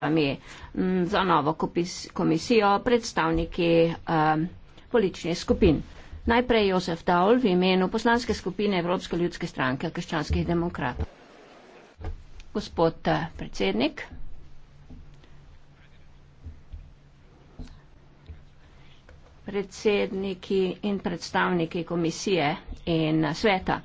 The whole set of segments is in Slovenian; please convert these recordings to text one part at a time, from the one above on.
pripravami mm, za novo komisijo predstavniki eh, političnih skupin. Najprej Josef Daul v imenu poslanske skupine Evropske ljudske stranke krščanskih demokratov. Gospod eh, predsednik. Predsedniki in predstavniki komisije in eh, sveta.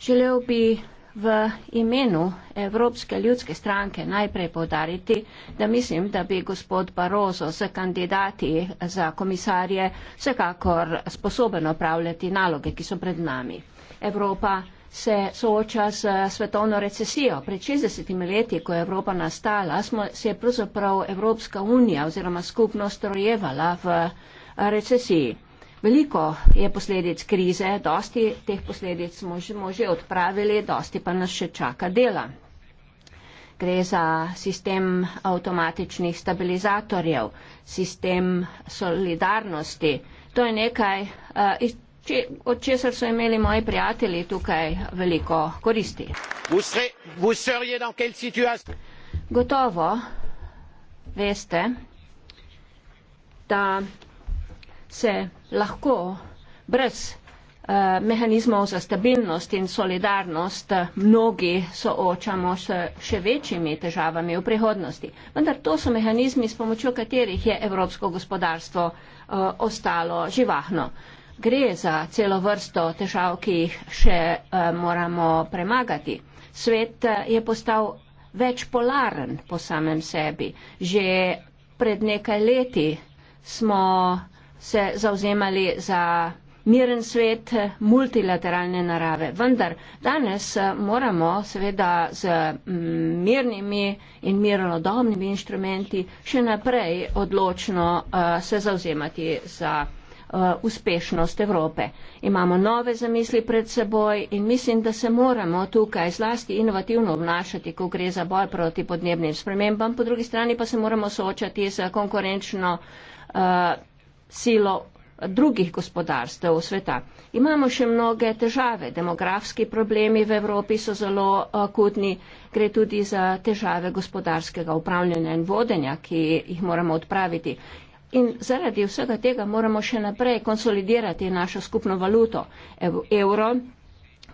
Želel bi v imenu Evropske ljudske stranke najprej povdariti, da mislim, da bi gospod Barozo z kandidati za komisarje vsekakor sposoben opravljati naloge, ki so pred nami. Evropa se sooča s svetovno recesijo. Pred 60 leti, ko je Evropa nastala, smo, se je pravzaprav Evropska unija oziroma skupnost rojevala v recesiji. Veliko je posledic krize, dosti teh posledic smo že, smo že odpravili, dosti pa nas še čaka dela. Gre za sistem avtomatičnih stabilizatorjev, sistem solidarnosti. To je nekaj, eh, od česar so imeli moji prijatelji tukaj veliko koristi. Gotovo veste, da se lahko brez eh, mehanizmov za stabilnost in solidarnost eh, mnogi soočamo s še večjimi težavami v prihodnosti. Vendar to so mehanizmi, s pomočjo katerih je evropsko gospodarstvo eh, ostalo živahno. Gre za celo vrsto težav, ki jih še moramo premagati. Svet je postal večpolaren po samem sebi. Že pred nekaj leti smo se zauzemali za miren svet multilateralne narave. Vendar danes eh, moramo seveda z mm, mirnimi in mirnodobnimi inštrumenti še naprej odločno eh, se zauzemati za eh, uspešnost Evrope. Imamo nove zamisli pred seboj in mislim, da se moramo tukaj zlasti inovativno obnašati, ko gre za boj proti podnebnim spremembam, po drugi strani pa se moramo soočati z konkurenčno silo drugih gospodarstev sveta. Imamo še mnoge težave. Demografski problemi v Evropi so zelo eh, akutni. Gre tudi za težave gospodarskega upravljanja in vodenja, ki jih moramo odpraviti. In zaradi vsega tega moramo še naprej konsolidirati našo skupno valuto, evro,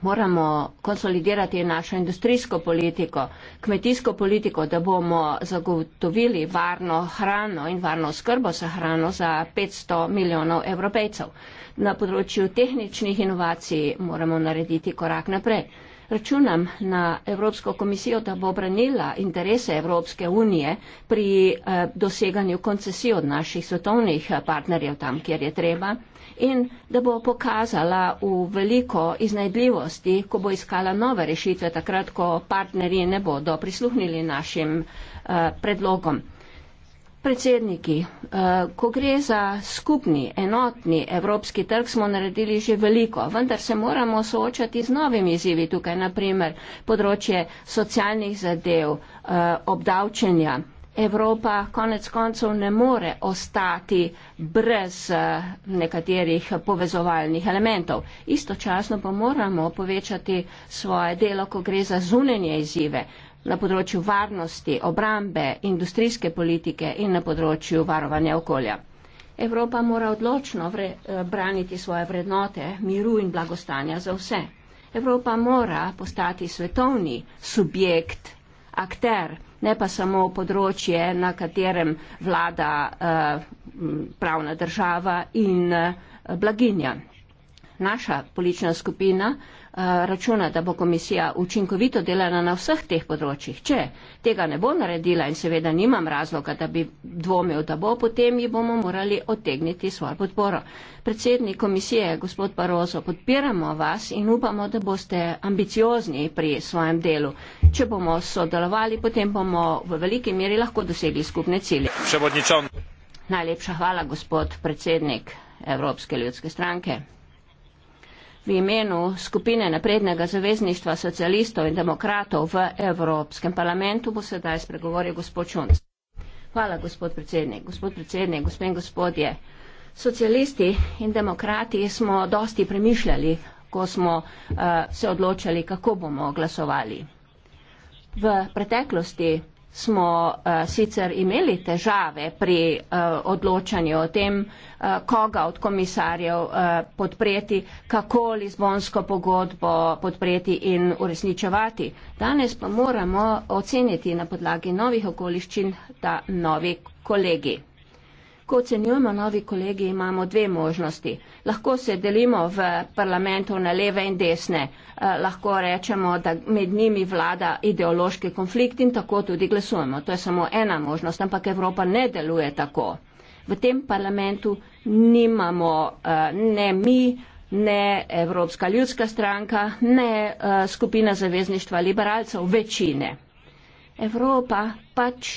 moramo konsolidirati našo industrijsko politiko, kmetijsko politiko, da bomo zagotovili varno hrano in varno skrbo za hrano za 500 milijonov evropejcev. Na področju tehničnih inovacij moramo narediti korak naprej računam na Evropsko komisijo, da bo obranila interese Evropske unije pri eh, doseganju koncesij od naših svetovnih eh, partnerjev tam, kjer je treba in da bo pokazala v veliko iznajdljivosti, ko bo iskala nove rešitve, takrat, ko partnerji ne bodo prisluhnili našim eh, predlogom predsedniki, eh, ko gre za skupni, enotni evropski trg, smo naredili že veliko, vendar se moramo soočati z novimi izzivi tukaj, naprimer področje socialnih zadev, eh, obdavčenja. Evropa konec koncev ne more ostati brez eh, nekaterih povezovalnih elementov. Istočasno pa moramo povečati svoje delo, ko gre za zunanje izzive, na področju varnosti, obrambe, industrijske politike in na področju varovanja okolja. Evropa mora odločno vre, eh, braniti svoje vrednote miru in blagostanja za vse. Evropa mora postati svetovni subjekt, akter, ne pa samo področje, na katerem vlada eh, pravna država in eh, blaginja. Naša politična skupina Eh, računa, da bo komisija učinkovito delala na vseh teh področjih. Če tega ne bo naredila in seveda nimam razloga, da bi dvomil, da bo, potem ji bomo morali otegniti svojo podporo. Predsednik komisije, gospod Barozo, podpiramo vas in upamo, da boste ambiciozni pri svojem delu. Če bomo sodelovali, potem bomo v veliki meri lahko dosegli skupne cilje. Najlepša hvala, gospod predsednik Evropske ljudske stranke v imenu skupine naprednega zavezništva socialistov in demokratov v Evropskem parlamentu bo sedaj spregovoril gospod Šunc. Hvala, gospod predsednik. Gospod predsednik, gospod in gospodje, socialisti in demokrati smo dosti premišljali, ko smo uh, se odločali, kako bomo glasovali. V preteklosti smo uh, sicer imeli težave pri uh, odločanju o tem, uh, koga od komisarjev uh, podpreti, kako Lizbonsko pogodbo podpreti in uresničevati. Danes pa moramo oceniti na podlagi novih okoliščin ta novi kolegi. Ko ocenjujemo novi kolegi, imamo dve možnosti. Lahko se delimo v parlamentu na leve in desne, eh, lahko rečemo, da med njimi vlada ideološki konflikt in tako tudi glasujemo. To je samo ena možnost, ampak Evropa ne deluje tako. V tem parlamentu nimamo eh, ne mi, ne Evropska ljudska stranka, ne eh, skupina zavezništva liberalcev, večine. Evropa pač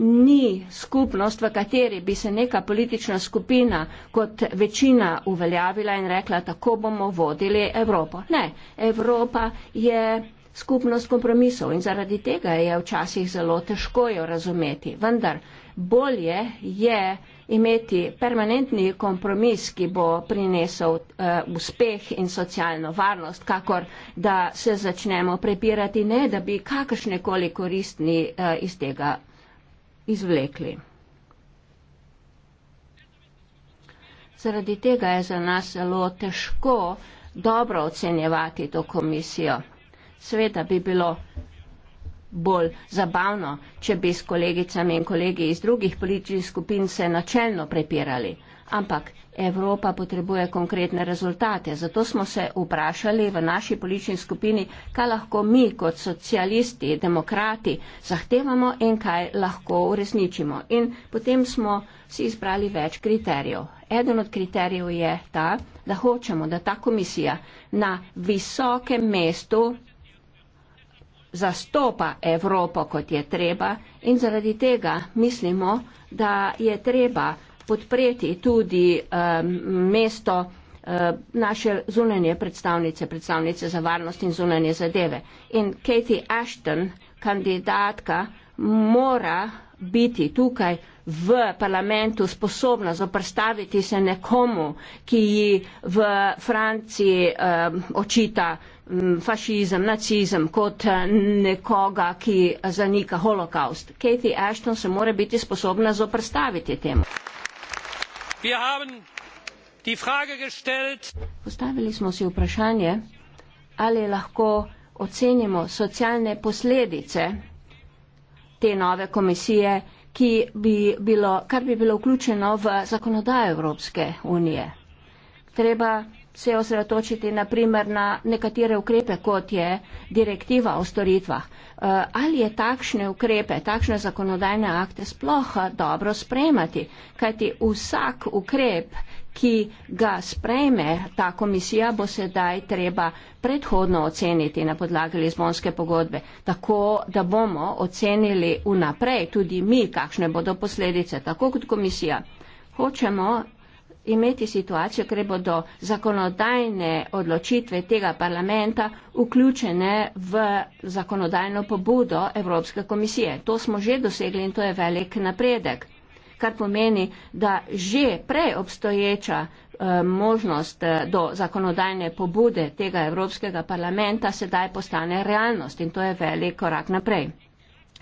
ni skupnost, v kateri bi se neka politična skupina kot večina uveljavila in rekla, tako bomo vodili Evropo. Ne, Evropa je skupnost kompromisov in zaradi tega je včasih zelo težko jo razumeti. Vendar bolje je imeti permanentni kompromis, ki bo prinesel uh, uspeh in socialno varnost, kakor da se začnemo prepirati, ne da bi kakršne koli koristni uh, iz tega izvlekli. Zaradi tega je za nas zelo težko dobro ocenjevati to komisijo. Sveda bi bilo bolj zabavno, če bi s kolegicami in kolegi iz drugih političnih skupin se načelno prepirali. Ampak Evropa potrebuje konkretne rezultate. Zato smo se vprašali v naši politični skupini, kaj lahko mi kot socialisti, demokrati zahtevamo in kaj lahko uresničimo. In potem smo si izbrali več kriterijev. Eden od kriterijev je ta, da hočemo, da ta komisija na visokem mestu zastopa Evropo, kot je treba in zaradi tega mislimo, da je treba podpreti tudi um, mesto uh, naše zunanje predstavnice, predstavnice za varnost in zunanje zadeve. In Katie Ashton, kandidatka, mora biti tukaj v parlamentu sposobna zoprstaviti se nekomu, ki ji v Franciji um, očita mm, fašizem, nacizem kot nekoga, ki zanika holokaust. Katie Ashton se mora biti sposobna zoprstaviti temu. Wir haben die Frage gestellt, Postavili smo si vprašanje, ali lahko ocenimo socialne posledice te nove komisije, bi bilo, kar bi bilo vključeno v zakonodajo Evropske unije. Treba se osredotočiti naprimer na nekatere ukrepe, kot je direktiva o storitvah. Eh, ali je takšne ukrepe, takšne zakonodajne akte sploh eh, dobro spremati? Kajti vsak ukrep, ki ga sprejme ta komisija, bo sedaj treba predhodno oceniti na podlagi Lizbonske pogodbe, tako da bomo ocenili vnaprej tudi mi, kakšne bodo posledice, tako kot komisija. Hočemo imeti situacijo, ker bo do zakonodajne odločitve tega parlamenta vključene v zakonodajno pobudo Evropske komisije. To smo že dosegli in to je velik napredek, kar pomeni, da že prej obstoječa eh, možnost eh, do zakonodajne pobude tega Evropskega parlamenta sedaj postane realnost in to je velik korak naprej.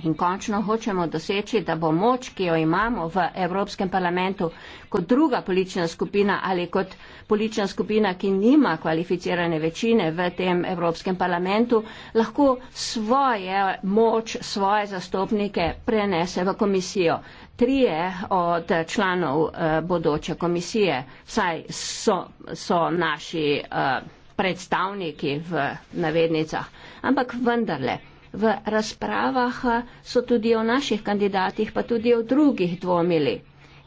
In končno hočemo doseči, da bo moč, ki jo imamo v Evropskem parlamentu kot druga politična skupina ali kot politična skupina, ki nima kvalificirane večine v tem Evropskem parlamentu, lahko svoje moč, svoje zastopnike prenese v komisijo. Trije od članov eh, bodoče komisije, saj so, so naši eh, predstavniki v navednicah, ampak vendarle. V razpravah eh, so tudi o naših kandidatih, pa tudi o drugih dvomili.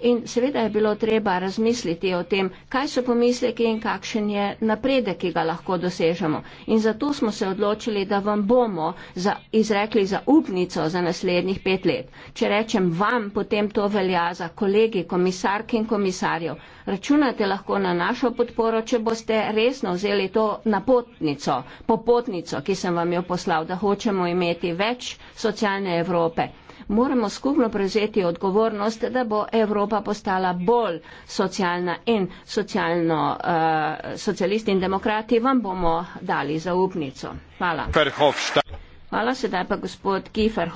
In seveda je bilo treba razmisliti o tem, kaj so pomisleki in kakšen je napredek, ki ga lahko dosežemo. In zato smo se odločili, da vam bomo za, izrekli zaupnico za naslednjih pet let. Če rečem vam, potem to velja za kolegi, komisarki in komisarjev. Računate lahko na našo podporo, če boste resno vzeli to napotnico, popotnico, ki sem vam jo poslal, da hočemo imeti več socialne Evrope moramo skupno prevzeti odgovornost, da bo Evropa postala bolj socialna in socialno, uh, socialisti in demokrati vam bomo dali zaupnico. Hvala. Hvala sedaj pa gospod Kiefer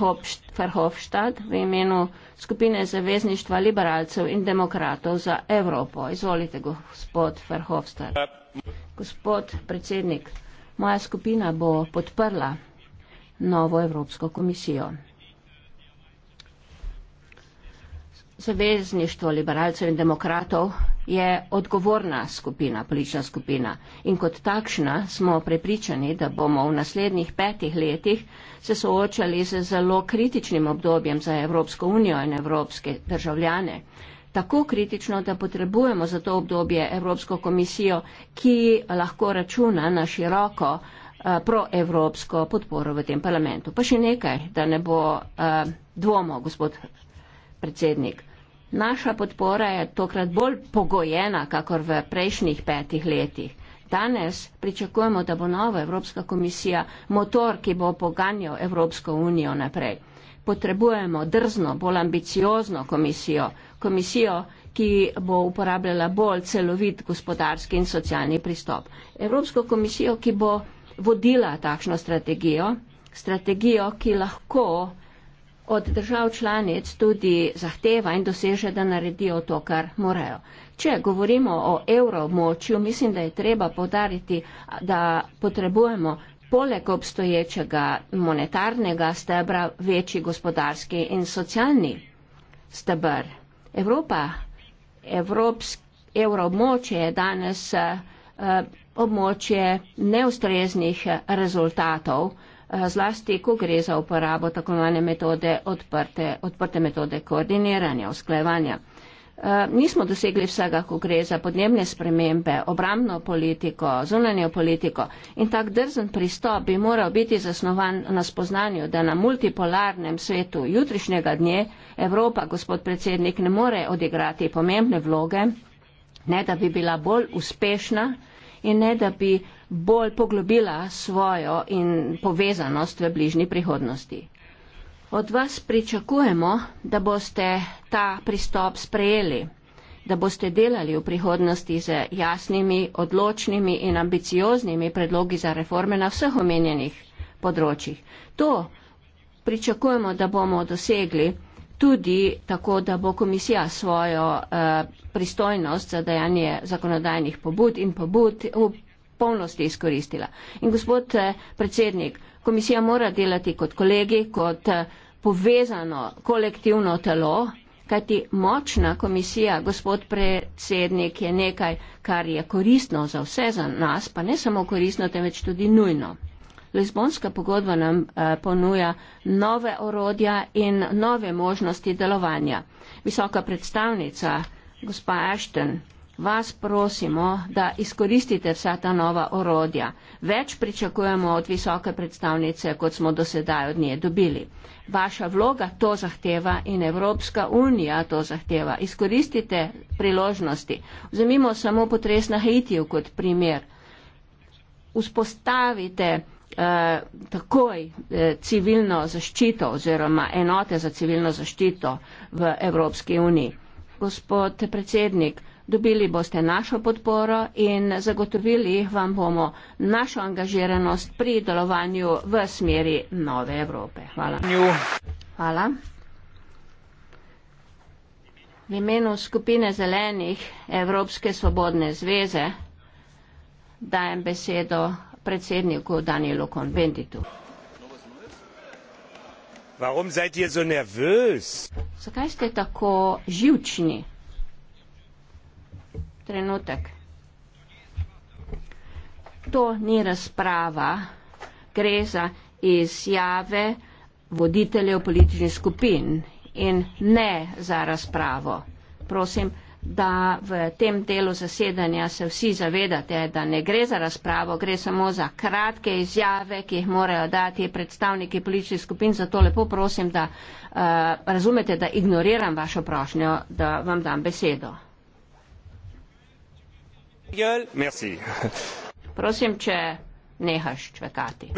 Verhofstadt v imenu skupine zavezništva liberalcev in demokratov za Evropo. Izvolite, gospod Verhofstadt. Gospod predsednik, moja skupina bo podprla novo Evropsko komisijo. zavezništvo liberalcev in demokratov je odgovorna skupina, politična skupina. In kot takšna smo prepričani, da bomo v naslednjih petih letih se soočali z zelo kritičnim obdobjem za Evropsko unijo in evropske državljane. Tako kritično, da potrebujemo za to obdobje Evropsko komisijo, ki lahko računa na široko uh, proevropsko podporo v tem parlamentu. Pa še nekaj, da ne bo uh, eh, dvomo, gospod predsednik. Naša podpora je tokrat bolj pogojena, kakor v prejšnjih petih letih. Danes pričakujemo, da bo nova Evropska komisija motor, ki bo poganjal Evropsko unijo naprej. Potrebujemo drzno, bolj ambiciozno komisijo, komisijo, ki bo uporabljala bolj celovit gospodarski in socialni pristop. Evropsko komisijo, ki bo vodila takšno strategijo, strategijo, ki lahko od držav članic tudi zahteva in doseže, da naredijo to, kar morajo. Če govorimo o evromočju, mislim, da je treba podariti, da potrebujemo poleg obstoječega monetarnega stebra večji gospodarski in socialni stebr. Evropa, evromočje je danes eh, območje neustreznih rezultatov, Eh, zlasti, ko gre za uporabo tako imenovane metode odprte, odprte metode koordiniranja, usklajevanja. Eh, nismo dosegli vsega, ko gre za podnebne spremembe, obramno politiko, zunanjo politiko in tak drzen pristop bi moral biti zasnovan na spoznanju, da na multipolarnem svetu jutrišnjega dne Evropa, gospod predsednik, ne more odigrati pomembne vloge, ne da bi bila bolj uspešna in ne da bi bolj poglobila svojo in povezanost v bližnji prihodnosti. Od vas pričakujemo, da boste ta pristop sprejeli, da boste delali v prihodnosti z jasnimi, odločnimi in ambicioznimi predlogi za reforme na vseh omenjenih področjih. To pričakujemo, da bomo dosegli tudi tako, da bo komisija svojo uh, pristojnost za dajanje zakonodajnih pobud in pobud polnosti izkoristila. In gospod eh, predsednik, komisija mora delati kot kolegi, kot eh, povezano kolektivno telo, kajti močna komisija, gospod predsednik, je nekaj, kar je koristno za vse za nas, pa ne samo koristno, temveč tudi nujno. Lizbonska pogodba nam eh, ponuja nove orodja in nove možnosti delovanja. Visoka predstavnica, gospa Ashton, vas prosimo, da izkoristite vsa ta nova orodja. Več pričakujemo od visoke predstavnice, kot smo dosedaj od nje dobili. Vaša vloga to zahteva in Evropska unija to zahteva. Izkoristite priložnosti. Vzemimo samo potres na Haitiju kot primer. Vzpostavite eh, takoj eh, civilno zaščito oziroma enote za civilno zaščito v Evropski uniji. Gospod predsednik, dobili boste našo podporo in zagotovili vam bomo našo angažiranost pri delovanju v smeri nove Evrope. Hvala. Hvala. V imenu skupine zelenih Evropske svobodne zveze dajem besedo predsedniku Danielu Konventitu. Zakaj ste tako živčni? trenutek. To ni razprava, gre za izjave voditeljev političnih skupin in ne za razpravo. Prosim, da v tem delu zasedanja se vsi zavedate, da ne gre za razpravo, gre samo za kratke izjave, ki jih morajo dati predstavniki političnih skupin. Zato lepo prosim, da uh, razumete, da ignoriram vašo prošnjo, da vam dam besedo. Prosim, če nehaš čakati.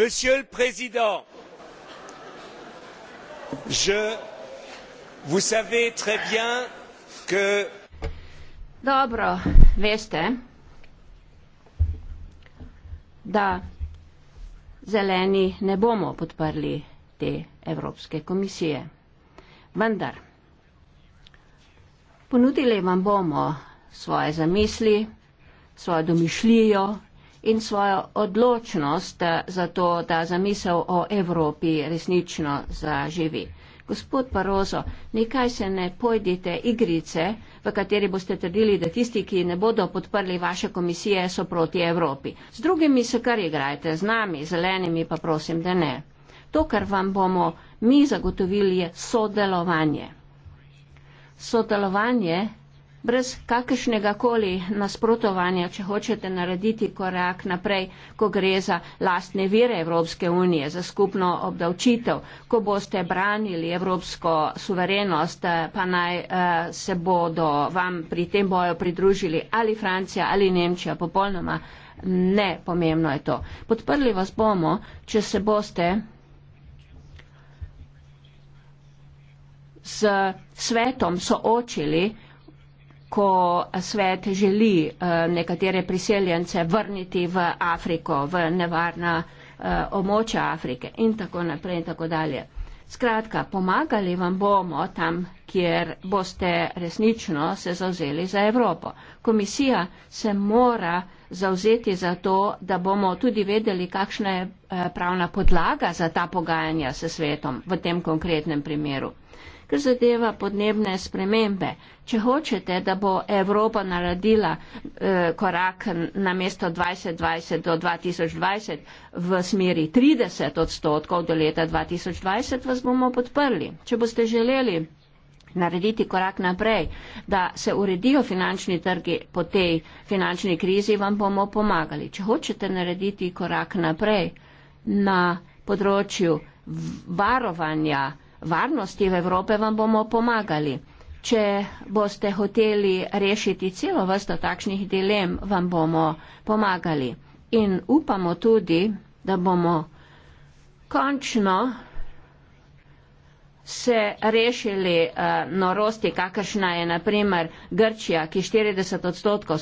Que... Dobro, veste, da zeleni ne bomo podprli te Evropske komisije. Vendar, ponudili vam bomo svoje zamisli svojo domišljijo in svojo odločnost za to, da zamisel o Evropi resnično zaživi. Gospod Barozo, nekaj se ne pojdite igrice, v kateri boste trdili, da tisti, ki ne bodo podprli vaše komisije, so proti Evropi. Z drugimi se kar igrajte, z nami, zelenimi pa prosim, da ne. To, kar vam bomo mi zagotovili, je sodelovanje. Sodelovanje brez kakršnega koli nasprotovanja, če hočete narediti korak naprej, ko gre za lastne vire Evropske unije, za skupno obdavčitev, ko boste branili evropsko suverenost, pa naj eh, se bodo vam pri tem boju pridružili ali Francija ali Nemčija, popolnoma ne pomembno je to. Podprli vas bomo, če se boste. S svetom soočili ko svet želi eh, nekatere priseljence vrniti v Afriko, v nevarna eh, območja Afrike in tako naprej in tako dalje. Skratka, pomagali vam bomo tam, kjer boste resnično se zauzeli za Evropo. Komisija se mora zauzeti za to, da bomo tudi vedeli, kakšna je eh, pravna podlaga za ta pogajanja s svetom v tem konkretnem primeru kar zadeva podnebne spremembe. Če hočete, da bo Evropa naredila eh, korak na mesto 2020 do 2020 v smeri 30 odstotkov do leta 2020, vas bomo podprli. Če boste želeli narediti korak naprej, da se uredijo finančni trgi po tej finančni krizi, vam bomo pomagali. Če hočete narediti korak naprej na področju varovanja, varnosti v Evrope vam bomo pomagali. Če boste hoteli rešiti celo vrsto takšnih dilem, vam bomo pomagali. In upamo tudi, da bomo končno se rešili uh, norosti, kakršna je naprimer Grčija, ki 40 odstotkov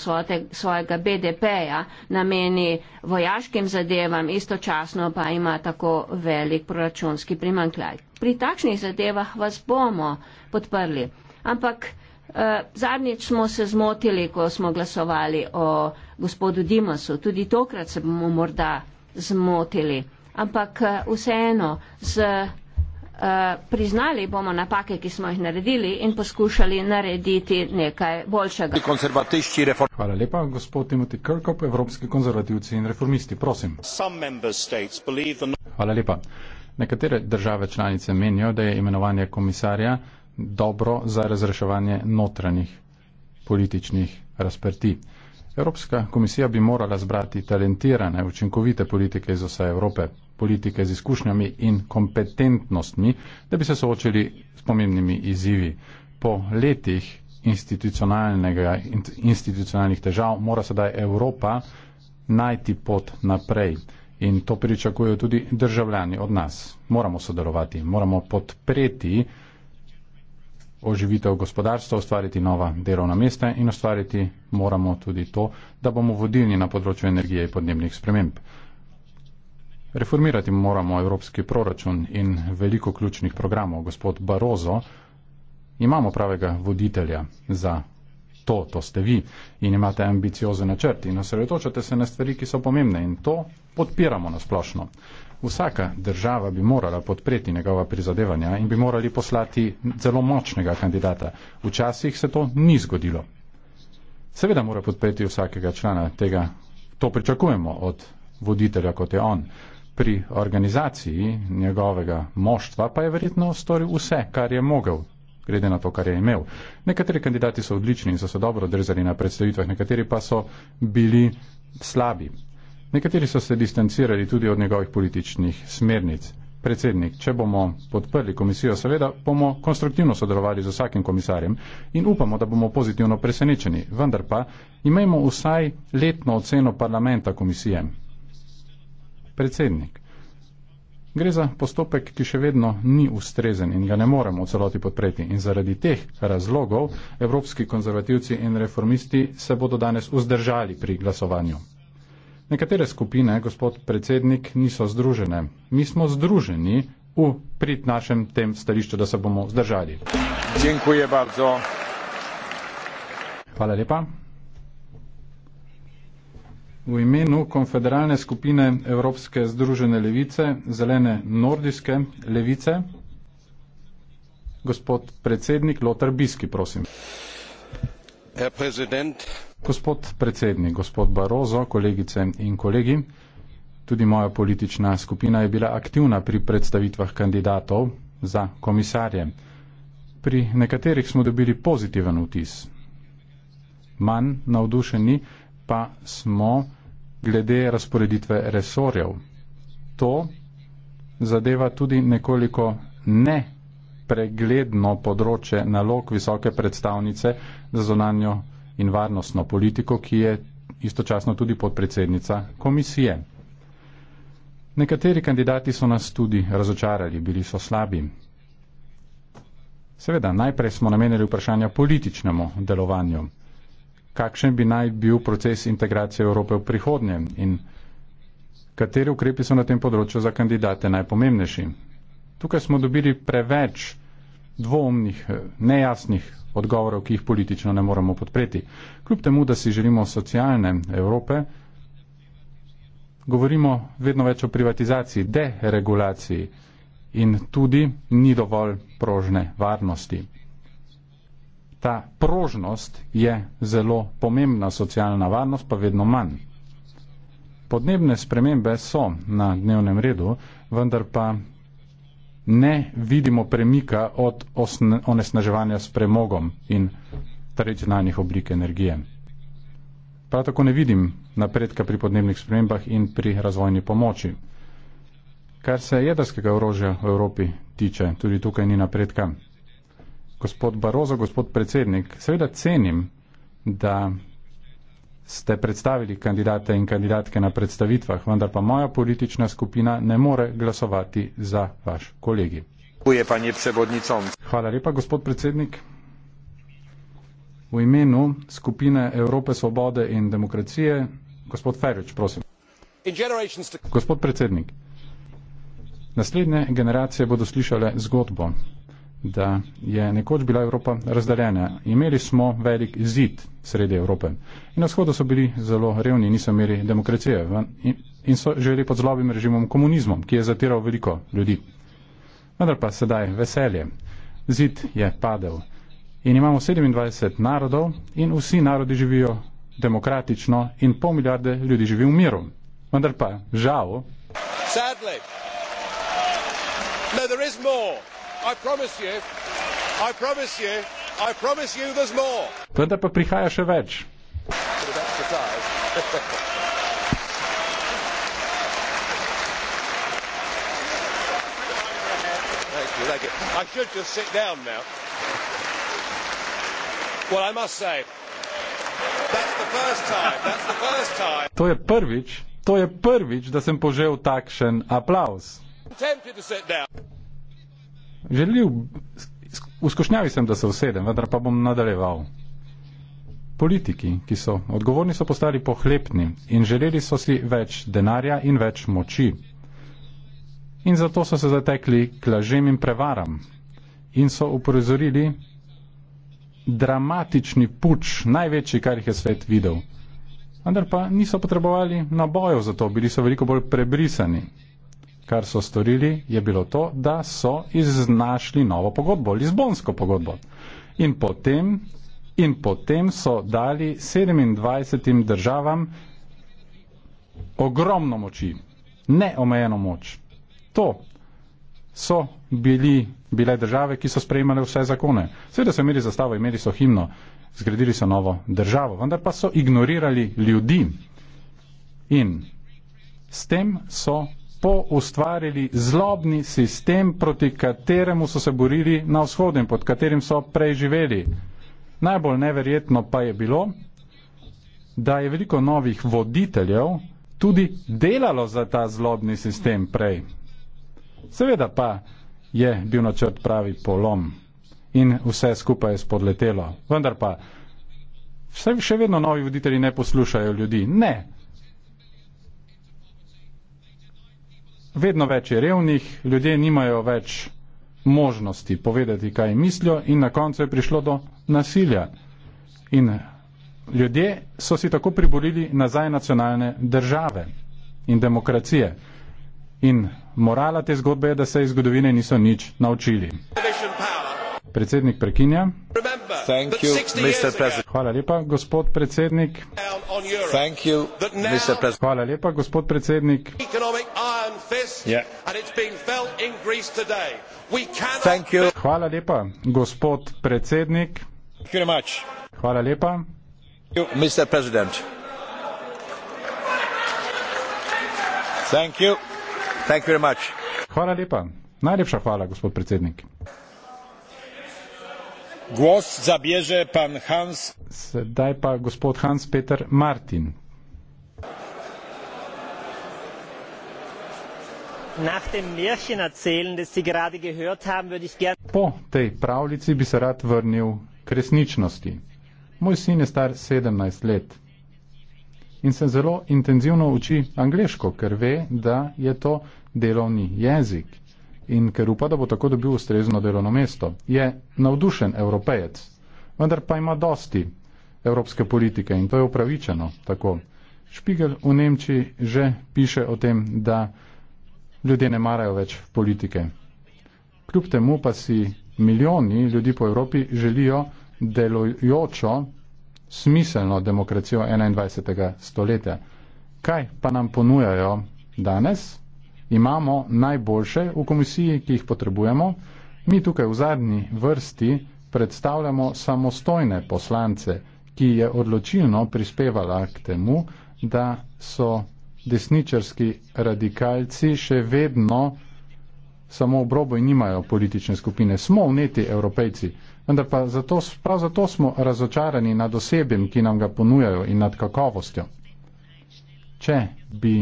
svojega BDP-ja nameni vojaškim zadevam, istočasno pa ima tako velik proračunski primankljaj. Pri takšnih zadevah vas bomo podprli. Ampak uh, zadnjič smo se zmotili, ko smo glasovali o gospodu Dimasu. Tudi tokrat se bomo morda zmotili. Ampak uh, vseeno z. Uh, Eh, priznali bomo napake, ki smo jih naredili in poskušali narediti nekaj boljšega. Hvala lepa, gospod Timothy Kirkop, Evropski konzervativci in reformisti, prosim. Hvala lepa. Nekatere države članice menijo, da je imenovanje komisarja dobro za razreševanje notranjih političnih razprtij. Evropska komisija bi morala zbrati talentirane, učinkovite politike iz vse Evrope, politike z izkušnjami in kompetentnostmi, da bi se soočili s pomembnimi izzivi. Po letih institucionalnih težav mora sedaj Evropa najti pot naprej. In to pričakujejo tudi državljani od nas. Moramo sodelovati, moramo podpreti oživitev gospodarstva, ustvariti nova delovna mesta in ustvariti moramo tudi to, da bomo vodilni na področju energije in podnebnih sprememb. Reformirati moramo evropski proračun in veliko ključnih programov. Gospod Barozo, imamo pravega voditelja za to, to ste vi in imate ambiciozen načrt in osredotočate se na stvari, ki so pomembne in to podpiramo na splošno. Vsaka država bi morala podpreti njegova prizadevanja in bi morali poslati zelo močnega kandidata. Včasih se to ni zgodilo. Seveda mora podpreti vsakega člana tega. To pričakujemo od voditelja, kot je on. Pri organizaciji njegovega moštva pa je verjetno storil vse, kar je mogel, glede na to, kar je imel. Nekateri kandidati so odlični in so se dobro drzali na predstavitvah, nekateri pa so bili slabi. Nekateri so se distancirali tudi od njegovih političnih smernic. Predsednik, če bomo podprli komisijo, seveda bomo konstruktivno sodelovali z vsakim komisarjem in upamo, da bomo pozitivno presenečeni. Vendar pa imajmo vsaj letno oceno parlamenta komisije. Predsednik, gre za postopek, ki še vedno ni ustrezen in ga ne moremo v celoti podpreti. In zaradi teh razlogov evropski konzervativci in reformisti se bodo danes vzdržali pri glasovanju. Nekatere skupine, gospod predsednik, niso združene. Mi smo združeni v prid našem tem stališču, da se bomo zdržali. Hvala lepa. V imenu konfederalne skupine Evropske združene levice, zelene nordijske levice, gospod predsednik Lothar Biski, prosim gospod predsednik, gospod Barozo, kolegice in kolegi. Tudi moja politična skupina je bila aktivna pri predstavitvah kandidatov za komisarje. Pri nekaterih smo dobili pozitiven vtis. Manj navdušeni pa smo glede razporeditve resorjev. To zadeva tudi nekoliko ne pregledno področje nalog visoke predstavnice za zonanjo in varnostno politiko, ki je istočasno tudi podpredsednica komisije. Nekateri kandidati so nas tudi razočarali, bili so slabi. Seveda, najprej smo namenili vprašanja političnemu delovanju. Kakšen bi naj bil proces integracije Evrope v prihodnje in kateri ukrepi so na tem področju za kandidate najpomembnejši? tukaj smo dobili preveč dvomnih, eh, nejasnih odgovorov, ki jih politično ne moramo podpreti. Kljub temu, da si želimo socialne Evrope, govorimo vedno več o privatizaciji, deregulaciji in tudi ni dovolj prožne varnosti. Ta prožnost je zelo pomembna, socialna varnost pa vedno manj. Podnebne spremembe so na dnevnem redu, vendar pa ne vidimo premika od onesnaževanja s premogom in tradicionalnih oblik energije. Prav tako ne vidim napredka pri podnebnih spremembah in pri razvojni pomoči. Kar se jedrskega orožja v Evropi tiče, tudi tukaj ni napredka. Gospod Barozo, gospod predsednik, seveda cenim, da ste predstavili kandidate in kandidatke na predstavitvah, vendar pa moja politična skupina ne more glasovati za vaš kolegi. Hvala lepa, gospod predsednik. V imenu skupine Evrope svobode in demokracije, gospod Ferič, prosim. Gospod predsednik, naslednje generacije bodo slišale zgodbo da je nekoč bila Evropa razdaljena. Imeli smo velik zid sredi Evrope. In na vzhodu so bili zelo revni, niso imeli demokracije in so želeli pod zlobim režimom komunizmom, ki je zatiral veliko ljudi. Vendar pa sedaj veselje. Zid je padel. In imamo 27 narodov in vsi narodi živijo demokratično in pol milijarde ljudi živi v miru. Vendar pa žal. Sadly. No, there is more. I promise you. I promise you. I promise you there's more. Vendar pa prihaja še več. I should just sit down now. Well, I must say, that's the first time, that's the first time. To je prvič, to je prvič, da sem požel takšen aplauz. I'm tempted to sit down. Želil, v skušnjavi sem, da se usedem, vendar pa bom nadaljeval. Politiki, ki so odgovorni, so postali pohlepni in želeli so si več denarja in več moči. In zato so se zatekli k lažem in prevaram in so uporozorili dramatični puč, največji, kar jih je svet videl. Vendar pa niso potrebovali nabojev za to, bili so veliko bolj prebrisani kar so storili, je bilo to, da so iznašli novo pogodbo, Lizbonsko pogodbo. In potem, in potem so dali 27 državam ogromno moči, neomejeno moč. To so bili, bile države, ki so sprejemale vse zakone. Seveda so imeli zastavo, imeli so himno, zgradili so novo državo, vendar pa so ignorirali ljudi. In s tem so lepo ustvarili zlobni sistem, proti kateremu so se borili na vzhodu in pod katerim so preživeli. Najbolj neverjetno pa je bilo, da je veliko novih voditeljev tudi delalo za ta zlobni sistem prej. Seveda pa je bil načrt pravi polom in vse skupaj je spodletelo. Vendar pa, še vedno novi voditelji ne poslušajo ljudi. Ne, Vedno več je revnih, ljudje nimajo več možnosti povedati, kaj mislijo in na koncu je prišlo do nasilja. In ljudje so si tako priborili nazaj nacionalne države in demokracije. In morala te zgodbe je, da se iz zgodovine niso nič naučili. Predsednik prekinja. You, Hvala lepa, gospod predsednik. You, Hvala lepa, gospod predsednik iron fist yeah. Ja. and it's being felt in Greece today. We cannot... Thank you. Hvala lepa, gospod predsednik. Thank you very much. Hvala lepa. Thank you, Mr. President. Thank you. Thank you very much. Hvala lepa. Najlepša hvala, gospod predsednik. Głos zabierze pan Hans. Daj pa gospod Hans Peter Martin. Nach dem Märchen erzählen, das Sie gerade gehört haben, würde ich gerne. Po tej pravljici bi se rad vrnil k resničnosti. Moj sin je star 17 let in se zelo intenzivno uči angliško, ker ve, da je to delovni jezik in ker upa, da bo tako dobil ustrezno delovno mesto. Je navdušen evropejec, vendar pa ima dosti evropske politike in to je upravičeno tako. Špigel v Nemčiji že piše o tem, da ljudje ne marajo več politike. Kljub temu pa si milijoni ljudi po Evropi želijo delojočo, smiselno demokracijo 21. stoletja. Kaj pa nam ponujajo danes? Imamo najboljše v komisiji, ki jih potrebujemo. Mi tukaj v zadnji vrsti predstavljamo samostojne poslance, ki je odločilno prispevala k temu, da so desničarski radikalci še vedno samo obroboj nimajo politične skupine. Smo vneti evropejci, vendar pa zato, prav zato smo razočarani nad osebjem, ki nam ga ponujajo in nad kakovostjo. Če bi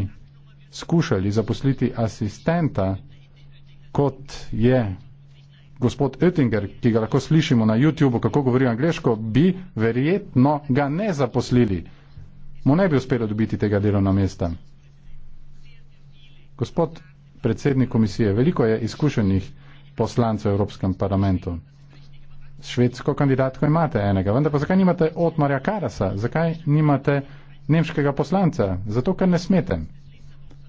skušali zaposliti asistenta, kot je gospod Oettinger, ki ga lahko slišimo na YouTubu, kako govori angliško, bi verjetno ga ne zaposlili. Mu ne bi uspelo dobiti tega delovna mesta. Gospod predsednik komisije, veliko je izkušenih poslancev v Evropskem parlamentu. Švedsko kandidatko imate enega, vendar pa zakaj nimate Otmarja Karasa, zakaj nimate nemškega poslanca? Zato, ker ne smete.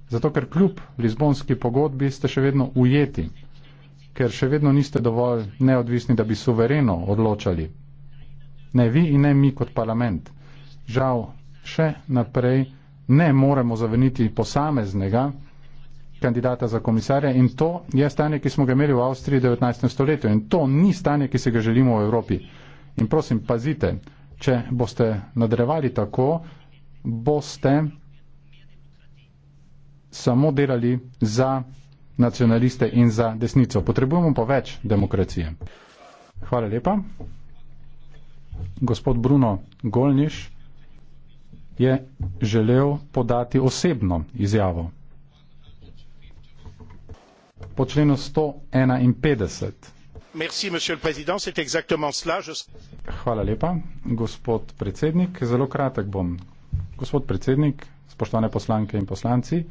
Zato, ker kljub Lizbonski pogodbi ste še vedno ujeti, ker še vedno niste dovolj neodvisni, da bi suvereno odločali. Ne vi in ne mi kot parlament. Žal, še naprej ne moremo zaveniti posameznega, kandidata za komisarja in to je stanje, ki smo ga imeli v Avstriji 19. stoletju in to ni stanje, ki se ga želimo v Evropi. In prosim, pazite, če boste nadrevali tako, boste samo delali za nacionaliste in za desnico. Potrebujemo pa več demokracije. Hvala lepa. Gospod Bruno Golniš je želel podati osebno izjavo po členu sto enainpetdeset Merci, monsieur le président, c'est exactement cela. Je... Hvala lepa, gospod predsednik. Zelo kratek bom. Gospod predsednik, spoštovane poslanke in poslanci,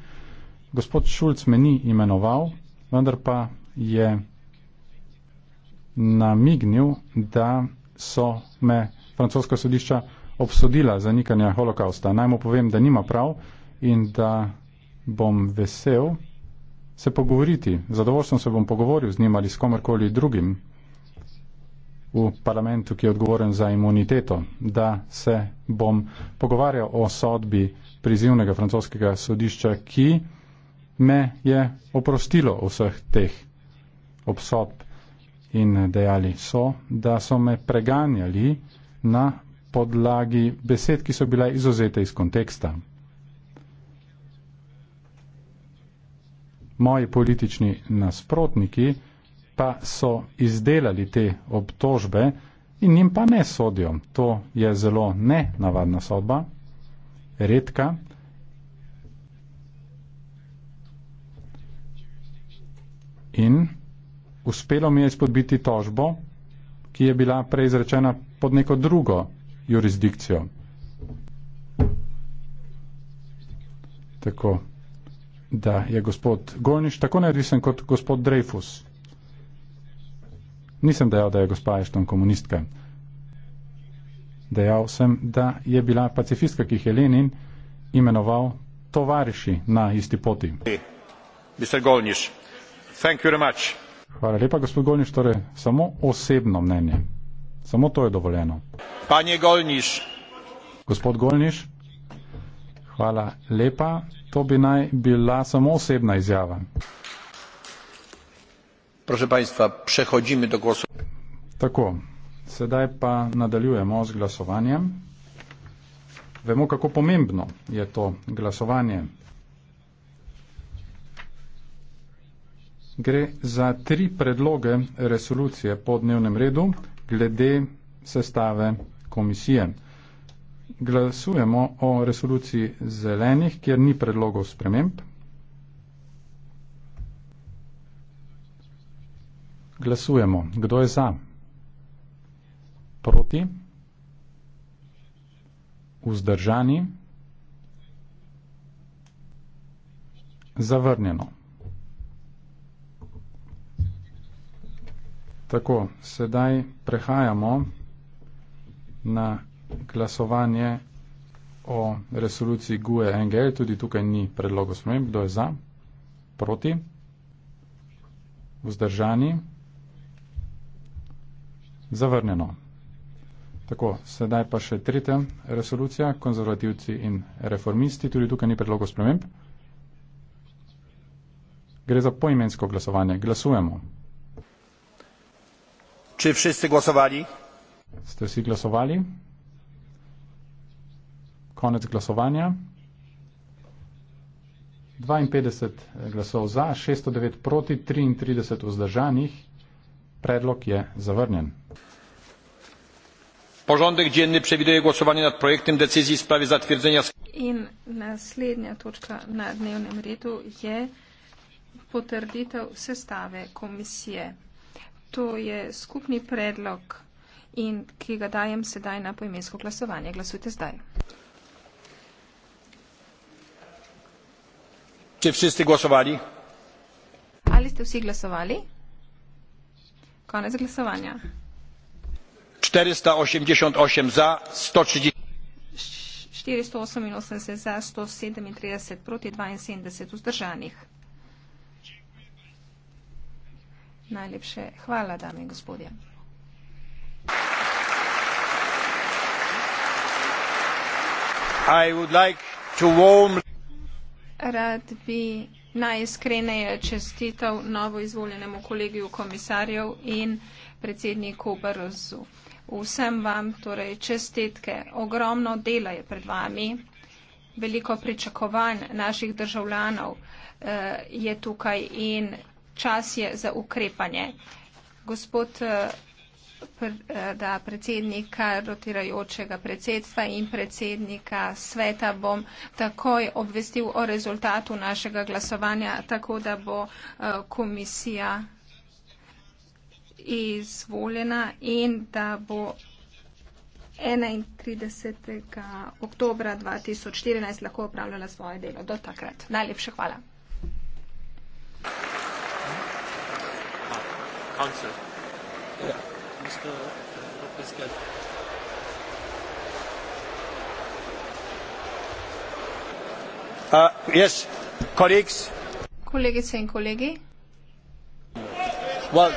gospod Šulc me ni imenoval, vendar pa je namignil, da so me francoska sodišča obsodila zanikanja holokausta. Naj mu povem, da nima prav in da bom vesel, se pogovoriti. Zadovoljstvo se bom pogovoril z njim ali s komerkoli drugim v parlamentu, ki je odgovoren za imuniteto, da se bom pogovarjal o sodbi prizivnega francoskega sodišča, ki me je oprostilo vseh teh obsodb in dejali so, da so me preganjali na podlagi besed, ki so bila izuzete iz konteksta. moji politični nasprotniki pa so izdelali te obtožbe in jim pa ne sodijo. To je zelo nenavadna sodba, redka. In uspelo mi je izpodbiti tožbo, ki je bila preizrečena pod neko drugo jurisdikcijo. Tako, da je gospod Gorniš tako neodvisen kot gospod Dreyfus. Nisem dejal, da je gospa Ešton komunistka. Dejal sem, da je bila pacifistka, ki jih je Lenin imenoval tovariši na isti poti. Hvala lepa, gospod Gorniš, torej samo osebno mnenje. Samo to je dovoljeno. Panje Gorniš. Gospod Gorniš. Hvala lepa. To bi naj bila samo osebna izjava. Proszę Państwa, przechodzimy do głosu. Tako, sedaj pa nadaljujemo z glasovanjem. Vemo, kako pomembno je to glasovanje. Gre za tri predloge resolucije po dnevnem redu glede sestave komisije glasujemo o resoluciji zelenih, kjer ni predlogov sprememb. Glasujemo. Kdo je za? Proti? Vzdržani? Zavrnjeno. Tako, sedaj prehajamo na glasovanje o resoluciji GUE NGL, tudi tukaj ni predlogo sprememb, kdo je za, proti, vzdržani, zavrnjeno. Tako, sedaj pa še tretja resolucija, konzervativci in reformisti, tudi tukaj ni predlogo sprememb. Gre za poimensko glasovanje. Glasujemo. Če vsi ste glasovali? Ste vsi glasovali? konec glasovanja. 52 eh, glasov za, 609 proti, 33 vzdržanih. Predlog je zavrnjen. Porządek dzienny przewiduje głosowanie nad projektem decyzji w sprawie zatwierdzenia. I następna toczka na dniowym rytu je potwierdzenie sestawy komisji. To jest skupny predlog, in, ki ga dajem sedaj na poimensko głosowanie. Głosujcie zdaj. Czy wszyscy głosowali? Ale jste wszyscy głosowali? Koniec głosowania. 488 za, 130... 488 za, 137 proti, 72 uzdržanih. Najlepše hvala, dame in gospodje. I would like to warmly Rad bi najiskreneje čestitev novo izvoljenemu kolegiju komisarjev in predsedniku Brzu. Vsem vam torej čestitke. Ogromno dela je pred vami, veliko pričakovanj naših državljanov eh, je tukaj in čas je za ukrepanje. Gospod eh, da predsednika rotirajočega predsedstva in predsednika sveta bom takoj obvestil o rezultatu našega glasovanja, tako da bo eh, komisija izvoljena in da bo 31. oktobra 2014 lahko upravljala svoje delo. Do takrat. Najlepša hvala. Ah, council. Yeah. Ja isto do pescado. Uh, yes, colleagues. Colleagues and colleagues. Well,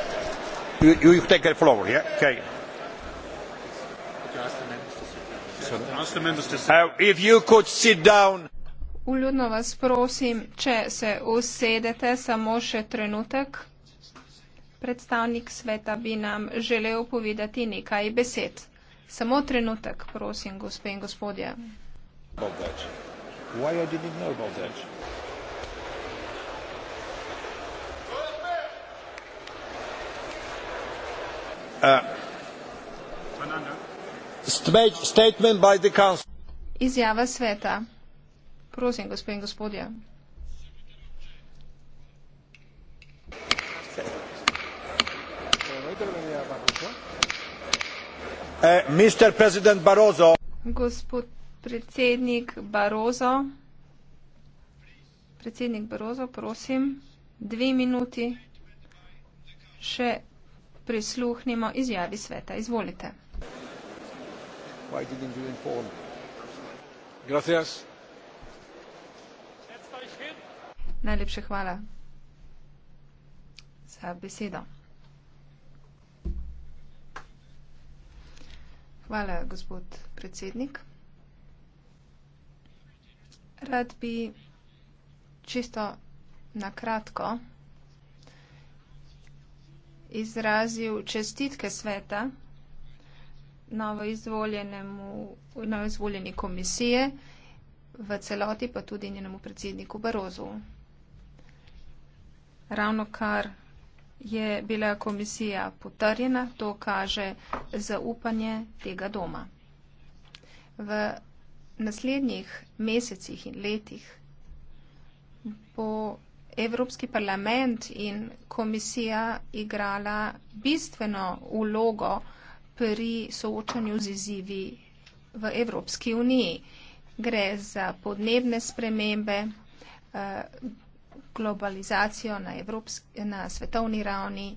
you, you take the floor, yeah? Okay. Uh, if you could sit down. Uljudno vas prosim, če se usedete samo še trenutek. Predstavnik sveta bi nam želel povedati nekaj besed. Samo trenutek, prosim, gospe in gospodje. Uh, Izjava sveta. Prosim, gospe in gospodje. Eh, Gospod predsednik Barozo, predsednik Barozo, prosim, dve minuti še prisluhnimo izjavi sveta. Izvolite. Najlepše hvala za besedo. Hvala, gospod predsednik. Rad bi čisto na kratko izrazil čestitke sveta novoizvoljeni komisije v celoti, pa tudi njenemu predsedniku Barozu. Ravno kar je bila komisija potrjena, to kaže zaupanje tega doma. V naslednjih mesecih in letih bo Evropski parlament in komisija igrala bistveno ulogo pri soočanju z izzivi v Evropski uniji. Gre za podnebne spremembe, eh, globalizacijo na, evropski, na svetovni ravni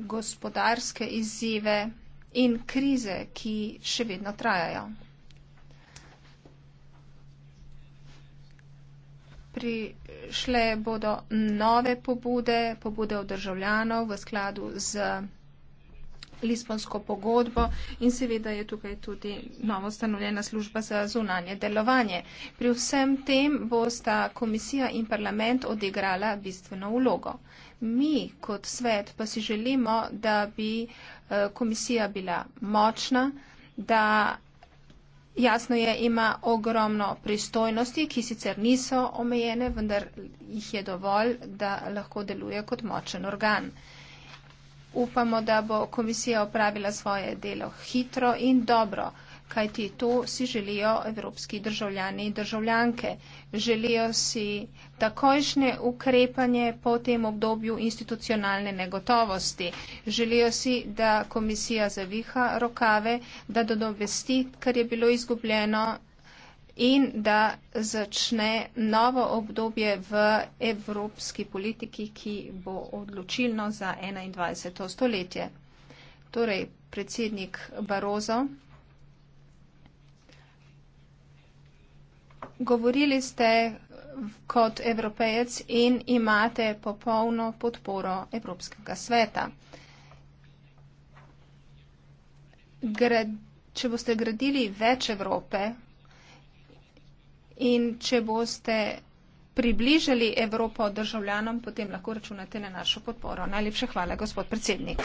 gospodarske izzive in krize, ki še vedno trajajo. Prišle bodo nove pobude, pobude od državljanov v skladu z Lisbonsko pogodbo in seveda je tukaj tudi novo ustanovljena služba za zunanje delovanje. Pri vsem tem bosta komisija in parlament odigrala bistveno vlogo mi kot svet pa si želimo, da bi eh, komisija bila močna, da jasno je, ima ogromno pristojnosti, ki sicer niso omejene, vendar jih je dovolj, da lahko deluje kot močen organ. Upamo, da bo komisija opravila svoje delo hitro in dobro kajti to si želijo evropski državljani in državljanke. Želijo si takojšnje ukrepanje po tem obdobju institucionalne negotovosti. Želijo si, da komisija zaviha rokave, da dodovesti, kar je bilo izgubljeno in da začne novo obdobje v evropski politiki, ki bo odločilno za 21. stoletje. Torej, predsednik Barozo. govorili ste kot evropejec in imate popolno podporo Evropskega sveta. Gre, če boste gradili več Evrope in če boste približali Evropo državljanom, potem lahko računate na našo podporo. Najlepše hvala, gospod predsednik.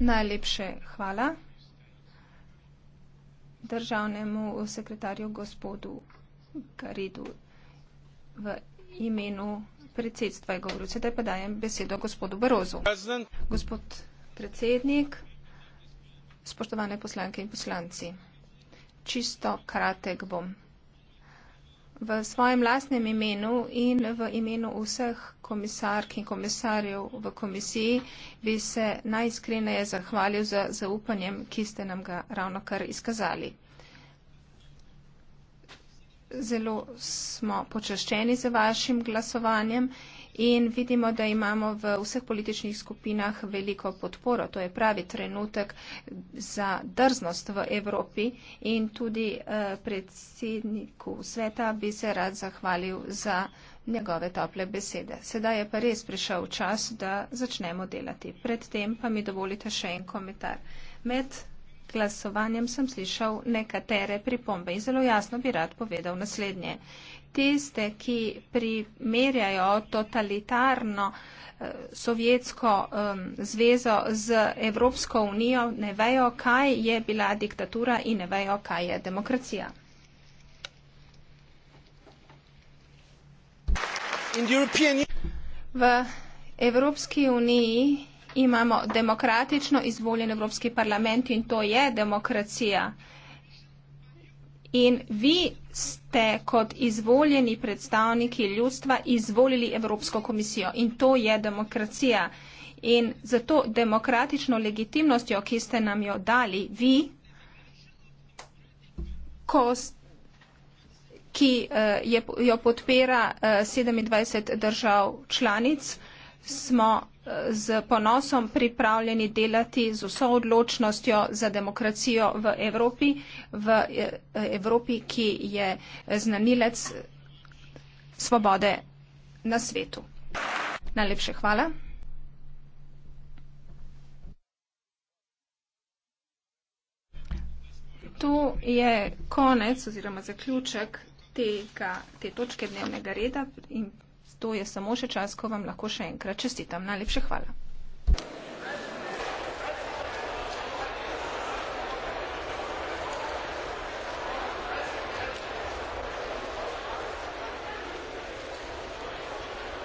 Najlepše hvala državnemu sekretarju gospodu Garidu v imenu predsedstva je govoril. Sedaj pa dajem besedo gospodu Barozu. Gospod predsednik, spoštovane poslanke in poslanci, čisto kratek bom v svojem lastnem imenu in v imenu vseh komisark in komisarjev v komisiji bi se najiskreneje zahvalil za zaupanjem, ki ste nam ga ravno kar izkazali. Zelo smo počaščeni za vašim glasovanjem. In vidimo, da imamo v vseh političnih skupinah veliko podporo. To je pravi trenutek za drznost v Evropi in tudi eh, predsedniku sveta bi se rad zahvalil za njegove tople besede. Sedaj je pa res prišel čas, da začnemo delati. Predtem pa mi dovolite še en komentar. Med glasovanjem sem slišal nekatere pripombe in zelo jasno bi rad povedal naslednje tiste, ki primerjajo totalitarno eh, Sovjetsko um, zvezo z Evropsko unijo, ne vejo, kaj je bila diktatura in ne vejo, kaj je demokracija. V Evropski uniji imamo demokratično izvoljen Evropski parlament in to je demokracija. In vi ste kot izvoljeni predstavniki ljudstva izvolili Evropsko komisijo in to je demokracija. In za to demokratično legitimnostjo, ki ste nam jo dali, vi, ko, ki uh, je, jo podpira uh, eh, 27 držav članic, smo eh, z ponosom pripravljeni delati z vso odločnostjo za demokracijo v Evropi, v eh, Evropi, ki je eh, znanilec svobode na svetu. Najlepše hvala. To je konec oziroma zaključek tega, te točke dnevnega reda. To je samo še čas, ko vam lahko še enkrat čestitam. Najlepša hvala.